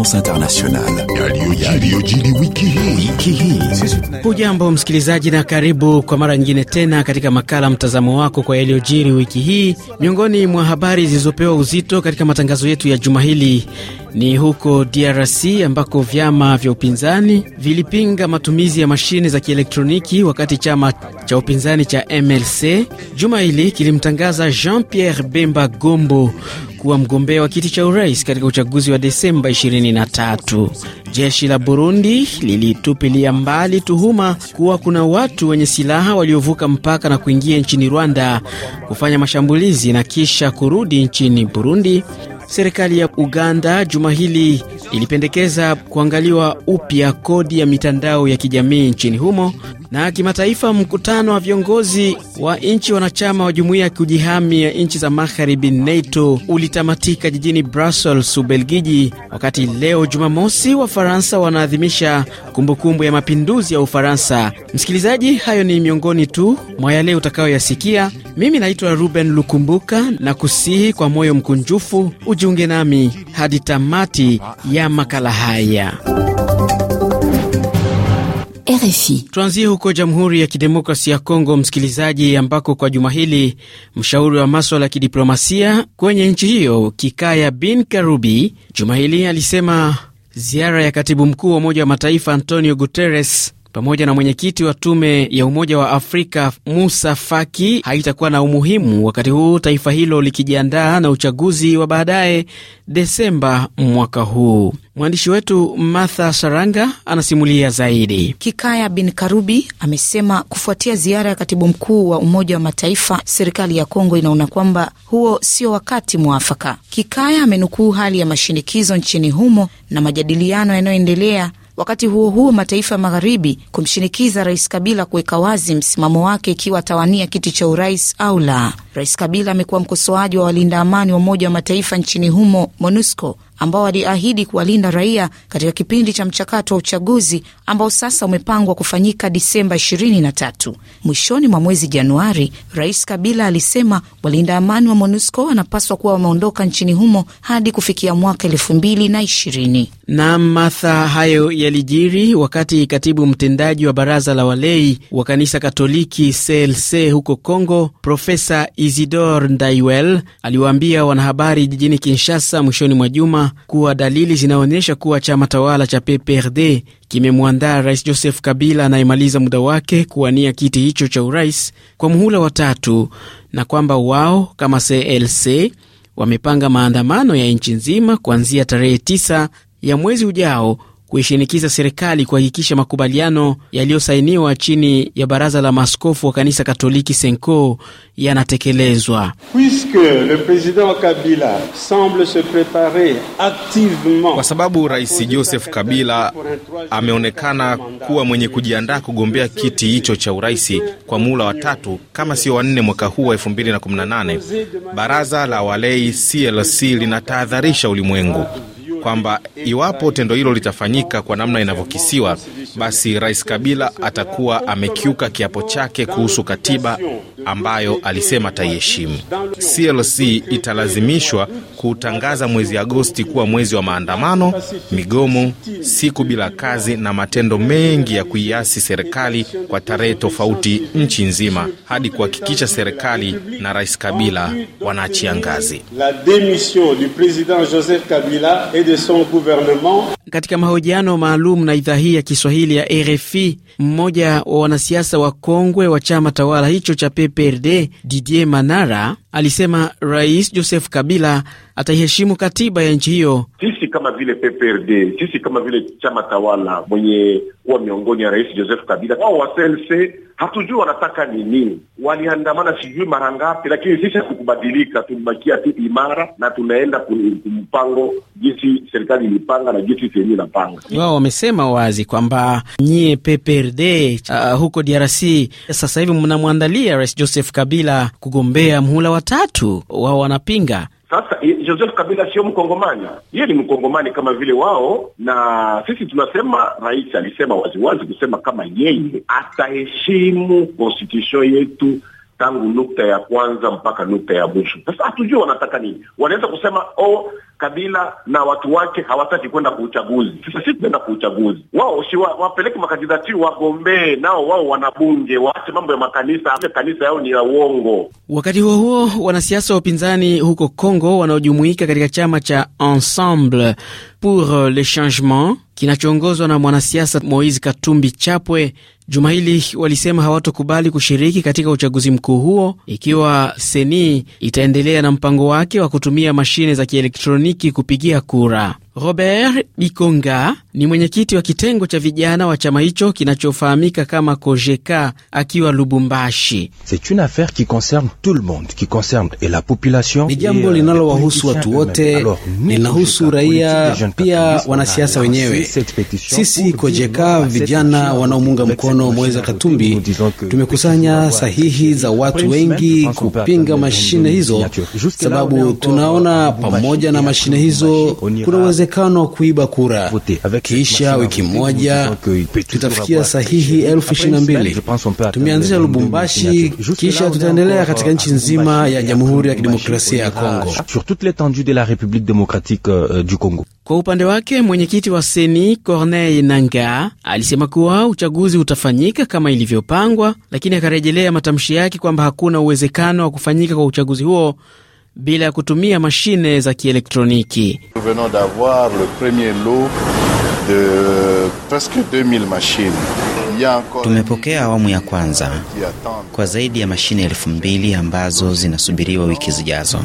France Internationale. Hujambo msikilizaji, na karibu kwa mara nyingine tena katika makala mtazamo wako kwa yaliyojiri wiki hii. Miongoni mwa habari zilizopewa uzito katika matangazo yetu ya juma hili ni huko DRC ambako vyama vya upinzani vilipinga matumizi ya mashine za kielektroniki, wakati chama cha upinzani cha MLC juma hili kilimtangaza Jean Pierre Bemba Gombo kuwa mgombea wa kiti cha urais katika uchaguzi wa Desemba 23. Jeshi la Burundi lilitupilia mbali tuhuma kuwa kuna watu wenye silaha waliovuka mpaka na kuingia nchini Rwanda kufanya mashambulizi na kisha kurudi nchini Burundi. Serikali ya Uganda juma hili ilipendekeza kuangaliwa upya kodi ya mitandao ya kijamii nchini humo na kimataifa, mkutano wa viongozi wa nchi wanachama wa jumuiya ya kujihami ya nchi za magharibi NATO ulitamatika jijini Brussels, Ubelgiji, wakati leo Jumamosi Wafaransa wanaadhimisha kumbukumbu ya mapinduzi ya Ufaransa. Msikilizaji, hayo ni miongoni tu mwa yale utakayoyasikia. Mimi naitwa Ruben Lukumbuka na kusihi kwa moyo mkunjufu ujiunge nami hadi tamati ya makala haya. RFI. Tuanzie huko Jamhuri ya Kidemokrasi ya Kongo, msikilizaji, ambako kwa juma hili mshauri wa maswala ya kidiplomasia kwenye nchi hiyo Kikaya bin Karubi juma hili alisema ziara ya katibu mkuu wa Umoja wa Mataifa Antonio Guterres pamoja na mwenyekiti wa tume ya Umoja wa Afrika Musa Faki haitakuwa na umuhimu wakati huu taifa hilo likijiandaa na uchaguzi wa baadaye Desemba mwaka huu. Mwandishi wetu Martha Saranga anasimulia zaidi. Kikaya bin Karubi amesema kufuatia ziara ya katibu mkuu wa Umoja wa Mataifa, serikali ya Kongo inaona kwamba huo sio wakati mwafaka. Kikaya amenukuu hali ya mashinikizo nchini humo na majadiliano yanayoendelea Wakati huo huo, mataifa ya magharibi kumshinikiza Rais Kabila kuweka wazi msimamo wake ikiwa atawania kiti cha urais au la. Rais Kabila amekuwa mkosoaji wa walinda amani wa Umoja wa Mataifa nchini humo MONUSCO ambao waliahidi kuwalinda raia katika kipindi cha mchakato wa uchaguzi ambao sasa umepangwa kufanyika Disemba 23. Mwishoni mwa mwezi Januari, Rais Kabila alisema walinda amani wa MONUSCO wanapaswa kuwa wameondoka nchini humo hadi kufikia mwaka 2020. Naam, Martha, hayo yalijiri wakati katibu mtendaji wa baraza la walei wa kanisa Katoliki CLC huko congo Profesa isidor Ndaiwel aliwaambia wanahabari jijini Kinshasa mwishoni mwa juma kuwa dalili zinaonyesha kuwa chama tawala cha PPRD kimemwandaa Rais Joseph Kabila anayemaliza muda wake kuwania kiti hicho cha urais kwa muhula wa tatu, na kwamba wao kama CLC wamepanga maandamano ya nchi nzima kuanzia tarehe 9 ya mwezi ujao kuishinikiza serikali kuhakikisha makubaliano yaliyosainiwa chini ya baraza la maaskofu wa kanisa Katoliki Senko yanatekelezwa. Kwa sababu Rais Joseph Kabila ameonekana kuwa mwenye kujiandaa kugombea kiti hicho cha uraisi kwa muhula wa tatu kama sio wanne mwaka huu wa 2018, baraza la walei CLC linatahadharisha ulimwengu kwamba iwapo tendo hilo litafanyika kwa namna inavyokisiwa, basi Rais Kabila atakuwa amekiuka kiapo chake kuhusu katiba ambayo alisema ataiheshimu. CLC italazimishwa kuutangaza mwezi Agosti kuwa mwezi wa maandamano, migomo, siku bila kazi na matendo mengi ya kuiasi serikali kwa tarehe tofauti nchi nzima hadi kuhakikisha serikali na Rais Kabila wanaachia ngazi. Katika mahojiano maalum na idhaa hii ya Kiswahili ya RFI, mmoja wa wanasiasa wakongwe wa chama tawala hicho cha PPRD Didier Manara alisema Rais Joseph Kabila ataiheshimu katiba ya nchi hiyo. Sisi kama vile PPRD, sisi kama vile chama tawala mwenye kuwa miongoni ya Rais Joseph Kabila, wao wa CLC hatujui wanataka nini. Waliandamana sijui mara ngapi, lakini sisi hatukubadilika, tulibakia tu imara na tunaenda kumpango jinsi serikali ilipanga na jinsi sehemu inapanga. Wao wamesema wazi kwamba nyie PPRD uh, huko DRC sasa hivi mnamwandalia Rais Joseph Kabila kugombea muhula wa watatu wao wanapinga. Sasa Joseph Kabila sio Mkongomani, yeye ni Mkongomani kama vile wao, na sisi tunasema rais alisema waziwazi kusema kama yeye ataheshimu konstitution yetu tangu nukta ya kwanza mpaka nukta ya mwisho. Sasa hatujui wanataka nini, wanaweza kusema oh, Kabila na watu wake hawataki kwenda kwa uchaguzi. Sasa sisi tunaenda kwa uchaguzi, wao wapeleke makandidati wagombee, nao wao wanabunge, waache mambo ya makanisa. kanisa yao ni ya uongo. Wakati huo huo, wanasiasa wa upinzani huko Kongo wanaojumuika katika chama cha Ensemble pour le Changement kinachoongozwa na mwanasiasa Moise Katumbi Chapwe juma hili walisema hawatokubali kushiriki katika uchaguzi mkuu huo ikiwa seni itaendelea na mpango wake wa kutumia mashine za kielektroniki Mashariki kupigia kura. Robert Bikonga ni mwenyekiti wa kitengo cha vijana wa chama hicho kinachofahamika kama Kojeka akiwa Lubumbashi. Ni jambo euh, linalowahusu watu wote, linahusu raia pia wanasiasa wenyewe. Sisi Kojeka, vijana wanaomunga mkono Moise Katumbi, tumekusanya sahihi za watu wengi kupinga mashine hizo, sababu tunaona pamoja na mashine hizo kuna uwezekano wa kuiba kura. Kisha wiki moja tutafikia sahihi elfu ishirini na mbili. Tumeanzisha Lubumbashi, kisha tutaendelea katika nchi nzima ya Jamhuri ya Kidemokrasia ya Kongo. Euh, euh, kwa upande wake mwenyekiti wa seni Corneille nanga alisema kuwa uchaguzi utafanyika kama ilivyopangwa, lakini akarejelea matamshi yake kwamba hakuna uwezekano wa kufanyika kwa uchaguzi huo bila ya kutumia mashine za kielektroniki. Tumepokea awamu ya kwanza kwa zaidi ya mashine elfu mbili ambazo zinasubiriwa wiki zijazo.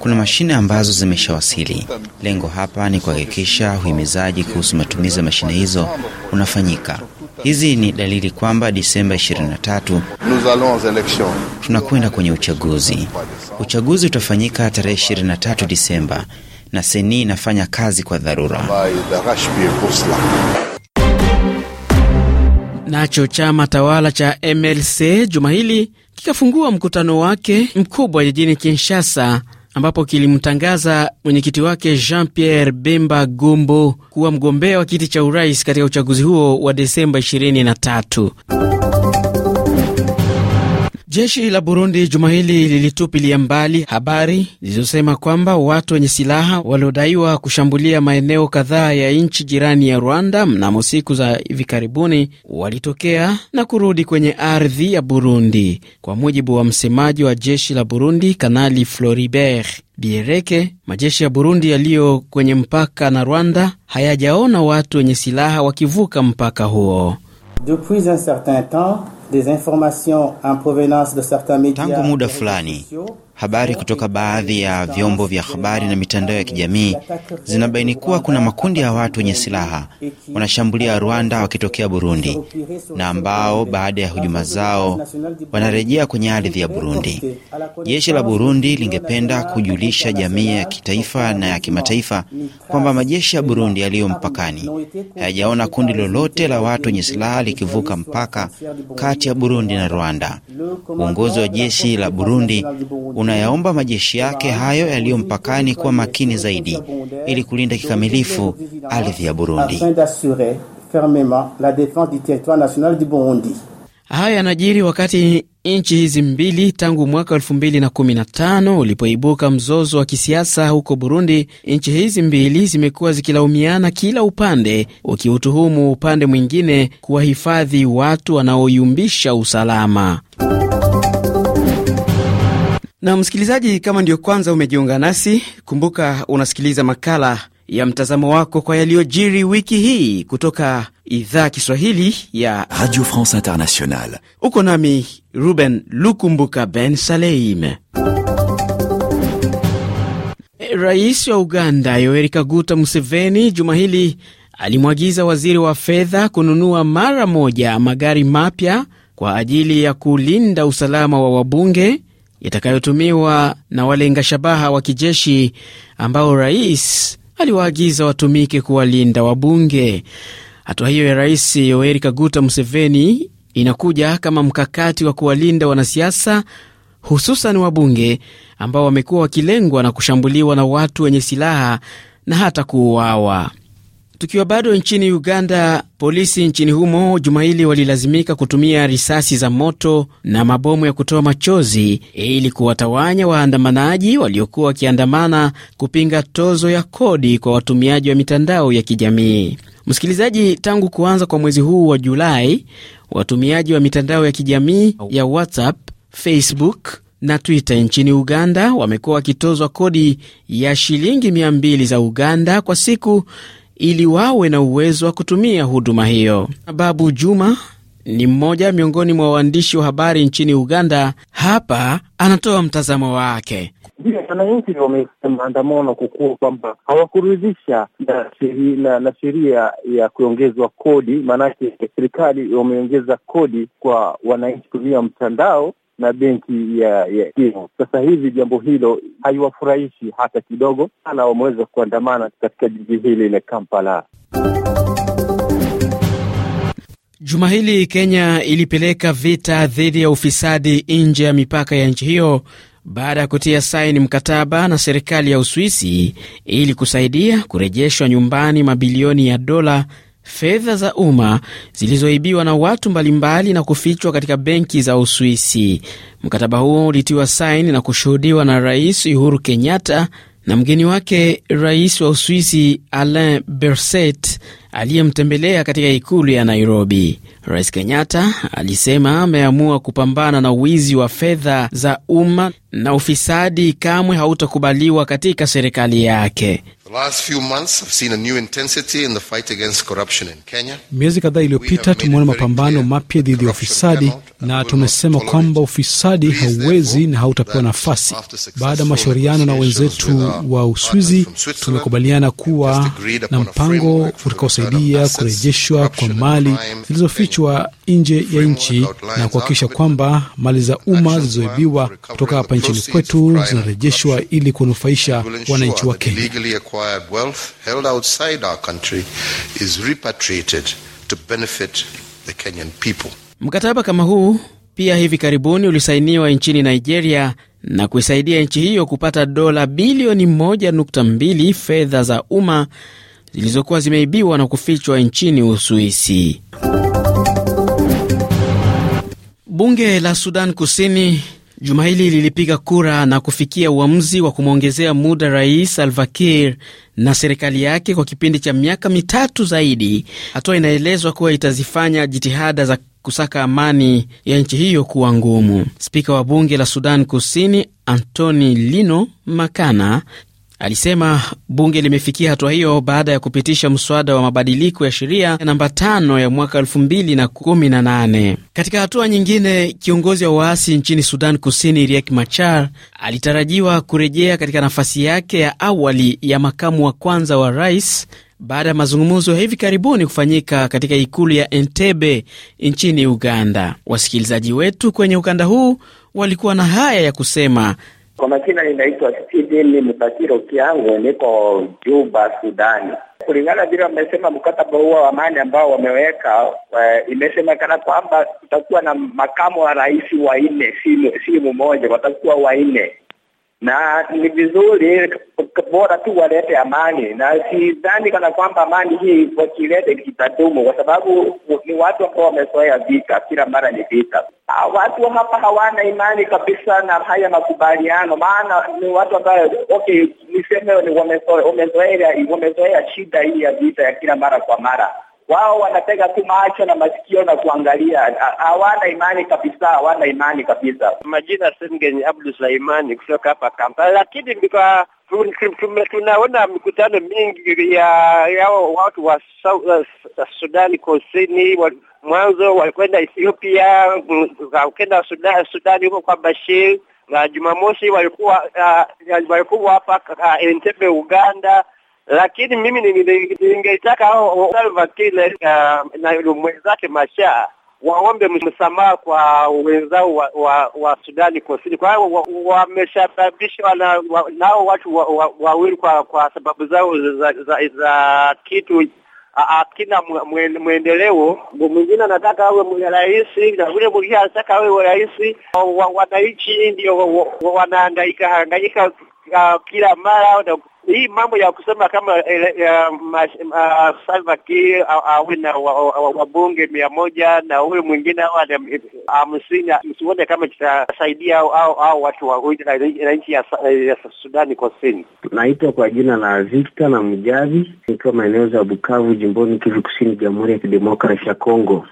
Kuna mashine ambazo zimeshawasili. Lengo hapa ni kuhakikisha uhimizaji kuhusu matumizi ya mashine hizo unafanyika. Hizi ni dalili kwamba Disemba 23 tunakwenda kwenye uchaguzi. Uchaguzi utafanyika tarehe 23 Disemba na Seni inafanya kazi kwa dharura. Nacho chama tawala cha MLC juma hili kikafungua mkutano wake mkubwa jijini Kinshasa ambapo kilimtangaza mwenyekiti wake Jean Pierre Bemba Gombo kuwa mgombea wa kiti cha urais katika uchaguzi huo wa Desemba 23. Jeshi la Burundi juma hili lilitupilia mbali habari zilizosema kwamba watu wenye silaha waliodaiwa kushambulia maeneo kadhaa ya nchi jirani ya Rwanda mnamo siku za hivi karibuni walitokea na kurudi kwenye ardhi ya Burundi. Kwa mujibu wa msemaji wa jeshi la Burundi, Kanali Floribert Biereke, majeshi ya Burundi yaliyo kwenye mpaka na Rwanda hayajaona watu wenye silaha wakivuka mpaka huo Depuis un certain temps Tangu muda fulani habari kutoka baadhi ya vyombo vya habari na mitandao ya kijamii zinabaini kuwa kuna makundi ya watu wenye silaha wanashambulia Rwanda wakitokea Burundi na ambao baada ya hujuma zao wanarejea kwenye ardhi ya Burundi. Jeshi la Burundi lingependa kujulisha jamii ya kitaifa na ya kimataifa kwamba majeshi ya Burundi yaliyo mpakani hayajaona kundi lolote la watu wenye silaha likivuka mpaka kati kati ya Burundi na Rwanda. Uongozi wa jeshi la Burundi unayaomba majeshi yake hayo yaliyo mpakani kuwa makini zaidi ili kulinda kikamilifu ardhi ya Burundi. Haya yanajiri wakati nchi hizi mbili tangu mwaka 2015 ulipoibuka mzozo wa kisiasa huko Burundi, nchi hizi mbili zimekuwa zikilaumiana, kila upande ukiutuhumu upande mwingine kuwahifadhi watu wanaoyumbisha usalama. Na msikilizaji, kama ndiyo kwanza umejiunga nasi, kumbuka unasikiliza makala ya mtazamo wako kwa yaliyojiri wiki hii kutoka idhaa Kiswahili ya Radio France Internationale. Uko nami Ruben Lukumbuka Ben Saleim. Rais wa Uganda Yoweri Kaguta Museveni juma hili alimwagiza waziri wa fedha kununua mara moja magari mapya kwa ajili ya kulinda usalama wa wabunge yatakayotumiwa na walenga shabaha wa kijeshi ambao rais aliwaagiza watumike kuwalinda wabunge. Hatua hiyo ya Rais Yoweri Kaguta Museveni inakuja kama mkakati wa kuwalinda wanasiasa hususan wabunge ambao wamekuwa wakilengwa na kushambuliwa na watu wenye silaha na hata kuuawa. Tukiwa bado nchini Uganda, polisi nchini humo Jumaili walilazimika kutumia risasi za moto na mabomu ya kutoa machozi ili kuwatawanya waandamanaji waliokuwa wakiandamana kupinga tozo ya kodi kwa watumiaji wa mitandao ya kijamii. Msikilizaji, tangu kuanza kwa mwezi huu wa Julai, watumiaji wa mitandao ya kijamii ya WhatsApp, Facebook na Twitter nchini Uganda wamekuwa wakitozwa kodi ya shilingi 200 za Uganda kwa siku ili wawe na uwezo wa kutumia huduma hiyo. Babu Juma ni mmoja miongoni mwa waandishi wa habari nchini Uganda. Hapa anatoa mtazamo wake. Ndio wananchi wamefanya maandamano kukua kwamba hawakuridhisha na sheria na sheria ya kuongezwa kodi, maanake serikali wameongeza kodi kwa wananchi kutumia mtandao na benki ya ya Sasa hivi jambo hilo haiwafurahishi hata kidogo, ana wameweza kuandamana katika jiji hili la Kampala. Juma hili Kenya ilipeleka vita dhidi ya ufisadi nje ya mipaka ya nchi hiyo baada ya kutia saini mkataba na serikali ya Uswisi ili kusaidia kurejeshwa nyumbani mabilioni ya dola fedha za umma zilizoibiwa na watu mbalimbali na kufichwa katika benki za Uswisi. Mkataba huo ulitiwa saini na kushuhudiwa na Rais Uhuru Kenyatta na mgeni wake Rais wa Uswisi Alain Berset aliyemtembelea katika ikulu ya Nairobi. Rais Kenyatta alisema ameamua kupambana na uwizi wa fedha za umma na ufisadi kamwe hautakubaliwa katika serikali yake. Miezi kadhaa iliyopita tumeona mapambano mapya dhidi ya ufisadi, na tumesema kwamba ufisadi hauwezi na hautapewa nafasi. Baada ya mashauriano na wenzetu wa Uswizi, tumekubaliana kuwa na mpango utakaosaidia kusaidia kurejeshwa kwa mali zilizofichwa nje ya nchi na kuhakikisha kwamba mali za umma zilizoibiwa kutoka hapa nchini kwetu zinarejeshwa ili kunufaisha wananchi wa Kenya. Mkataba kama huu pia hivi karibuni ulisainiwa nchini Nigeria na kuisaidia nchi hiyo kupata dola bilioni 1.2 fedha za umma zilizokuwa zimeibiwa na kufichwa nchini Uswisi. Bunge la Sudan Kusini juma hili lilipiga kura na kufikia uamuzi wa kumwongezea muda Rais Salva Kiir na serikali yake kwa kipindi cha miaka mitatu zaidi, hatua inaelezwa kuwa itazifanya jitihada za kusaka amani ya nchi hiyo kuwa ngumu. Spika wa bunge la Sudan Kusini Antoni Lino Makana Alisema bunge limefikia hatua hiyo baada ya kupitisha mswada wa mabadiliko ya sheria namba tano ya mwaka 2018. Katika hatua nyingine, kiongozi wa waasi nchini Sudan Kusini Riek Machar alitarajiwa kurejea katika nafasi yake ya awali ya makamu wa kwanza wa rais baada ya mazungumzo ya hivi karibuni kufanyika katika ikulu ya Entebbe nchini Uganda. Wasikilizaji wetu kwenye ukanda huu walikuwa na haya ya kusema kwa majina ninaitwa Steven Mtatiro Kiangu, niko Juba, Sudani. Kulingana vile wamesema mkataba huo wa amani ambao wameweka e, imesemekana kwamba kutakuwa na makamu wa rais wanne, si, si mmoja, watakuwa wanne na ni vizuri bora tu walete amani, na sidhani kana kwamba amani hii wakilete kitadumu kwa sababu ni watu ambao wamezoea vita, kila mara ni vita. Ah, watu hapa hawana imani kabisa na haya makubaliano, maana ni watu ambayo okay, niseme wamezoea wamezoea shida hii ya vita ya kila mara kwa mara wao wanatega tu macho na masikio na kuangalia, hawana imani kabisa, hawana imani kabisa. Majina Sengen Abdu Saimani kutoka hapa Kampala, lakini kwa tunaona mikutano mingi ya yao watu wa Sudani Kusini. Mwanzo walikwenda Ethiopia, wakenda Sudani huko kwa Bashir, na Jumamosi walikuwa ah, walikuwa hapa ah, Entebbe, Uganda lakini mimi ningeitaka Salva Kiir eh, na mwenzake Masha waombe msamaha kwa wenzao wa, wa, wa Sudani Kusini, kwa hiyo wameshababisha wa, wa wa, nao watu wawili wa, wa kwa, kwa sababu zao za, za, za kitu akina mwendeleo. Mwingine anataka awe rais na yule mwingine anataka awe rais. Wananchi ndio wanahangaika hangaika uh, kila mara na hii mambo ya kusema kama eh, eh, Salva Kiir awe na wabunge mia moja na huyu mwingine awe na eh, hamsini, ah, usione kama kitasaidia au watu na nchi ya Sudani Kusini. Naitwa kwa jina la Victor na Mjavi, nikiwa maeneo za Bukavu, jimboni Kivu Kusini, Jamhuri ya Kidemokrasia ya Kongo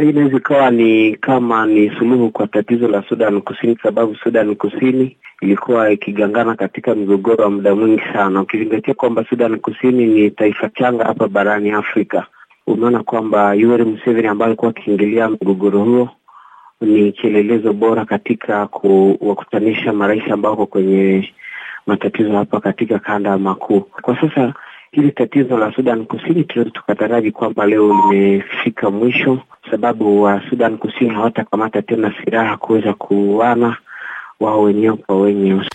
hii inaweza ikawa ni kama ni suluhu kwa tatizo la Sudan Kusini, sababu Sudan Kusini ilikuwa ikigangana katika mgogoro wa muda mwingi sana, ukizingatia kwamba Sudan Kusini ni taifa changa hapa barani Afrika. Umeona kwamba Yoweri Museveni ambaye alikuwa akiingilia mgogoro huo ni kielelezo bora katika kuwakutanisha marais ambao wako kwenye matatizo hapa katika kanda makuu. Kwa sasa Hili tatizo la Sudan Kusini tunaweza tukataraji kwamba leo limefika mwisho, sababu wa Sudan Kusini hawatakamata tena silaha kuweza kuuana wao wenyewe kwa wenyewe.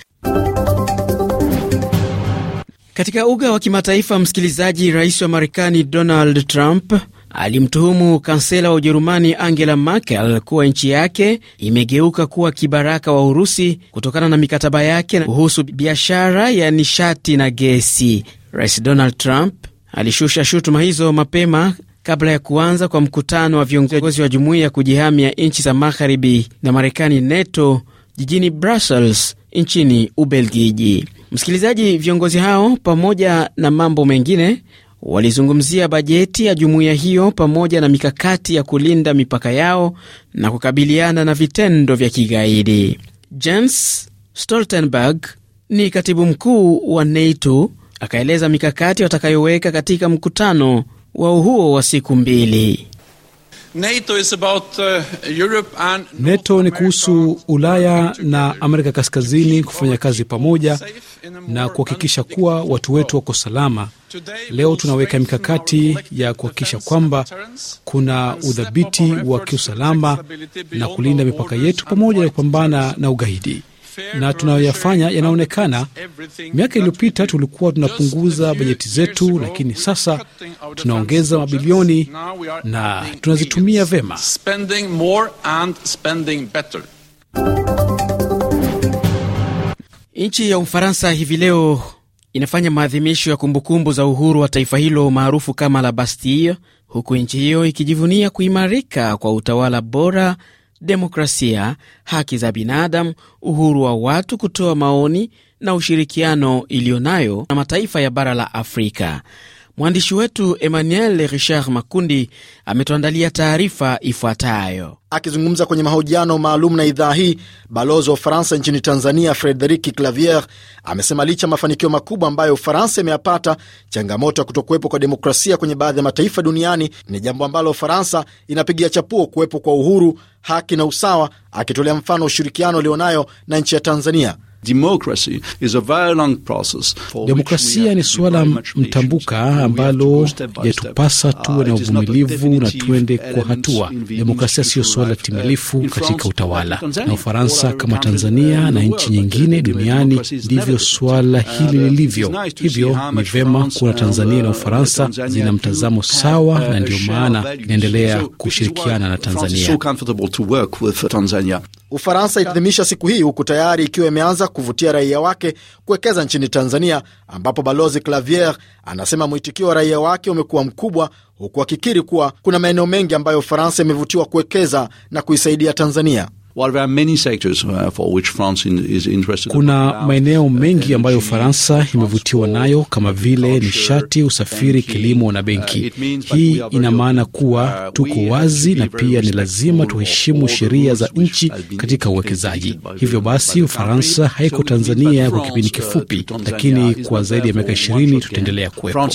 Katika uga wa kimataifa, msikilizaji, rais wa Marekani Donald Trump alimtuhumu kansela wa Ujerumani Angela Merkel kuwa nchi yake imegeuka kuwa kibaraka wa Urusi kutokana na mikataba yake kuhusu biashara ya nishati na gesi. Rais Donald Trump alishusha shutuma hizo mapema kabla ya kuanza kwa mkutano wa viongozi wa jumuiya ya kujihami ya nchi za magharibi na Marekani, NATO, jijini Brussels nchini Ubelgiji. Msikilizaji, viongozi hao pamoja na mambo mengine walizungumzia bajeti ya jumuiya hiyo pamoja na mikakati ya kulinda mipaka yao na kukabiliana na vitendo vya kigaidi. Jens Stoltenberg ni katibu mkuu wa NATO akaeleza mikakati watakayoweka katika mkutano wa huo wa siku mbili. NATO, is about, uh, and NATO ni kuhusu Ulaya na Amerika Kaskazini kufanya kazi pamoja na kuhakikisha kuwa watu wetu wako salama. Leo tunaweka mikakati ya kuhakikisha kwamba kuna udhabiti wa kiusalama na kulinda mipaka yetu pamoja na kupambana na ugaidi na tunayoyafanya yanaonekana. Miaka iliyopita tulikuwa tunapunguza bajeti zetu, lakini sasa tunaongeza mabilioni na tunazitumia vema. Nchi ya Ufaransa hivi leo inafanya maadhimisho ya kumbukumbu za uhuru wa taifa hilo maarufu kama la Bastille, huku nchi hiyo ikijivunia kuimarika kwa utawala bora demokrasia, haki za binadamu, uhuru wa watu kutoa maoni na ushirikiano iliyo nayo na mataifa ya bara la Afrika. Mwandishi wetu Emmanuel Richard Makundi ametuandalia taarifa ifuatayo. Akizungumza kwenye mahojiano maalum na idhaa hii, balozi wa Ufaransa nchini Tanzania Frederic Clavier amesema licha ya mafanikio makubwa ambayo Ufaransa imeyapata, changamoto ya kutokuwepo kwa demokrasia kwenye baadhi ya mataifa duniani ni jambo ambalo Ufaransa inapigia chapuo kuwepo kwa uhuru, haki na usawa, akitolea mfano ushirikiano ulionayo na nchi ya Tanzania. Demokrasia ni suala mtambuka ambalo yatupasa ah, tuwe na uvumilivu na tuende kwa hatua. Demokrasia siyo suala timilifu katika utawala, na Ufaransa kama Tanzania na nchi nyingine duniani ndivyo suala hili lilivyo. Hivyo ni vema kuona Tanzania na Ufaransa zina mtazamo sawa, uh, na ndiyo maana inaendelea kushirikiana na Tanzania. Ufaransa itaadhimisha siku hii huku tayari ikiwa imeanza kuvutia raia wake kuwekeza nchini Tanzania, ambapo balozi Clavier anasema mwitikio wa raia wake umekuwa mkubwa, huku akikiri kuwa kuna maeneo mengi ambayo Ufaransa imevutiwa kuwekeza na kuisaidia Tanzania. Uh, Kuna maeneo uh, mengi ambayo Ufaransa imevutiwa nayo kama vile nishati, usafiri, kilimo na uh, benki. Hii ina maana kuwa tuko wazi na pia ni lazima tuheshimu sheria za nchi katika uwekezaji. Hivyo basi, Ufaransa haiko Tanzania kwa kipindi kifupi, lakini kwa zaidi ya miaka ishirini tutaendelea kuwepo.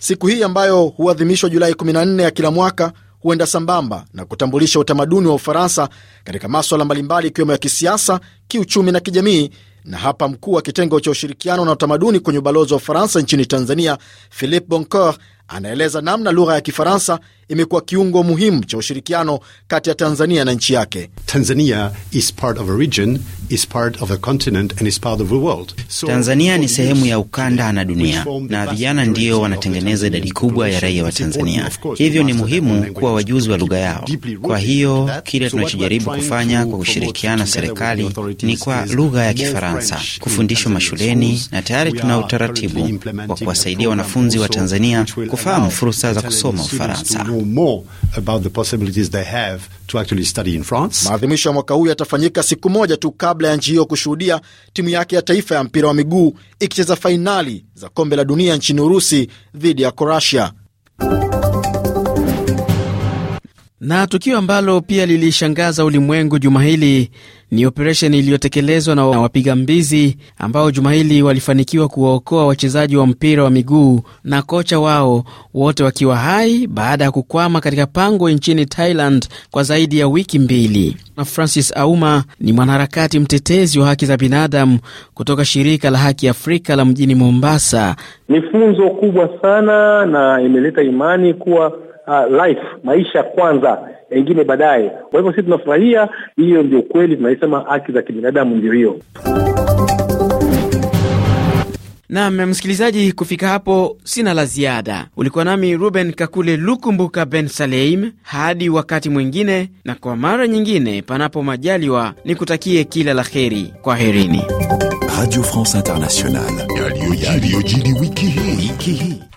Siku hii ambayo huadhimishwa Julai 14 ya kila mwaka huenda sambamba na kutambulisha utamaduni wa Ufaransa katika maswala mbalimbali ikiwemo ya kisiasa, kiuchumi na kijamii. Na hapa mkuu wa kitengo cha ushirikiano na utamaduni kwenye ubalozi wa Ufaransa nchini Tanzania, Philippe boncor anaeleza namna lugha ya Kifaransa imekuwa kiungo muhimu cha ushirikiano kati ya Tanzania na nchi yake. Tanzania region, So, Tanzania ni sehemu ya ukanda na dunia, na vijana ndio wanatengeneza idadi kubwa ya raia wa Tanzania. Hivyo ni muhimu kuwa wajuzi wa lugha yao. Kwa hiyo kile tunachojaribu kufanya kwa kushirikiana serikali ni kwa lugha ya Kifaransa kufundishwa mashuleni, na tayari tuna utaratibu wa kuwasaidia wanafunzi wa Tanzania kufahamu fursa za kusoma Ufaransa know more about the possibilities they have to actually study in France. Maadhimisho ya mwaka huu yatafanyika siku moja tu kabla ya nchi hiyo kushuhudia timu yake ya taifa ya mpira wa miguu ikicheza fainali za kombe la dunia nchini Urusi dhidi ya Croatia. Na tukio ambalo pia lilishangaza ulimwengu juma hili ni operesheni iliyotekelezwa na wapiga mbizi ambao juma hili walifanikiwa kuwaokoa wachezaji wa mpira wa miguu na kocha wao, wote wakiwa hai baada ya kukwama katika pango nchini Thailand kwa zaidi ya wiki mbili. Na Francis Auma ni mwanaharakati mtetezi wa haki za binadamu kutoka shirika la Haki Afrika la mjini Mombasa. Ni funzo kubwa sana na imeleta imani kuwa uh, life maisha kwanza, engine baadaye. Kwa hivyo sisi tunafurahia hiyo, ndio kweli tunaisema haki za kibinadamu ndio hiyo. Nam msikilizaji, kufika hapo sina la ziada. Ulikuwa nami Ruben Kakule Lukumbuka Ben Saleim, hadi wakati mwingine, na kwa mara nyingine, panapo majaliwa, nikutakie kila la heri. Kwa herini. Radio France wiki hii.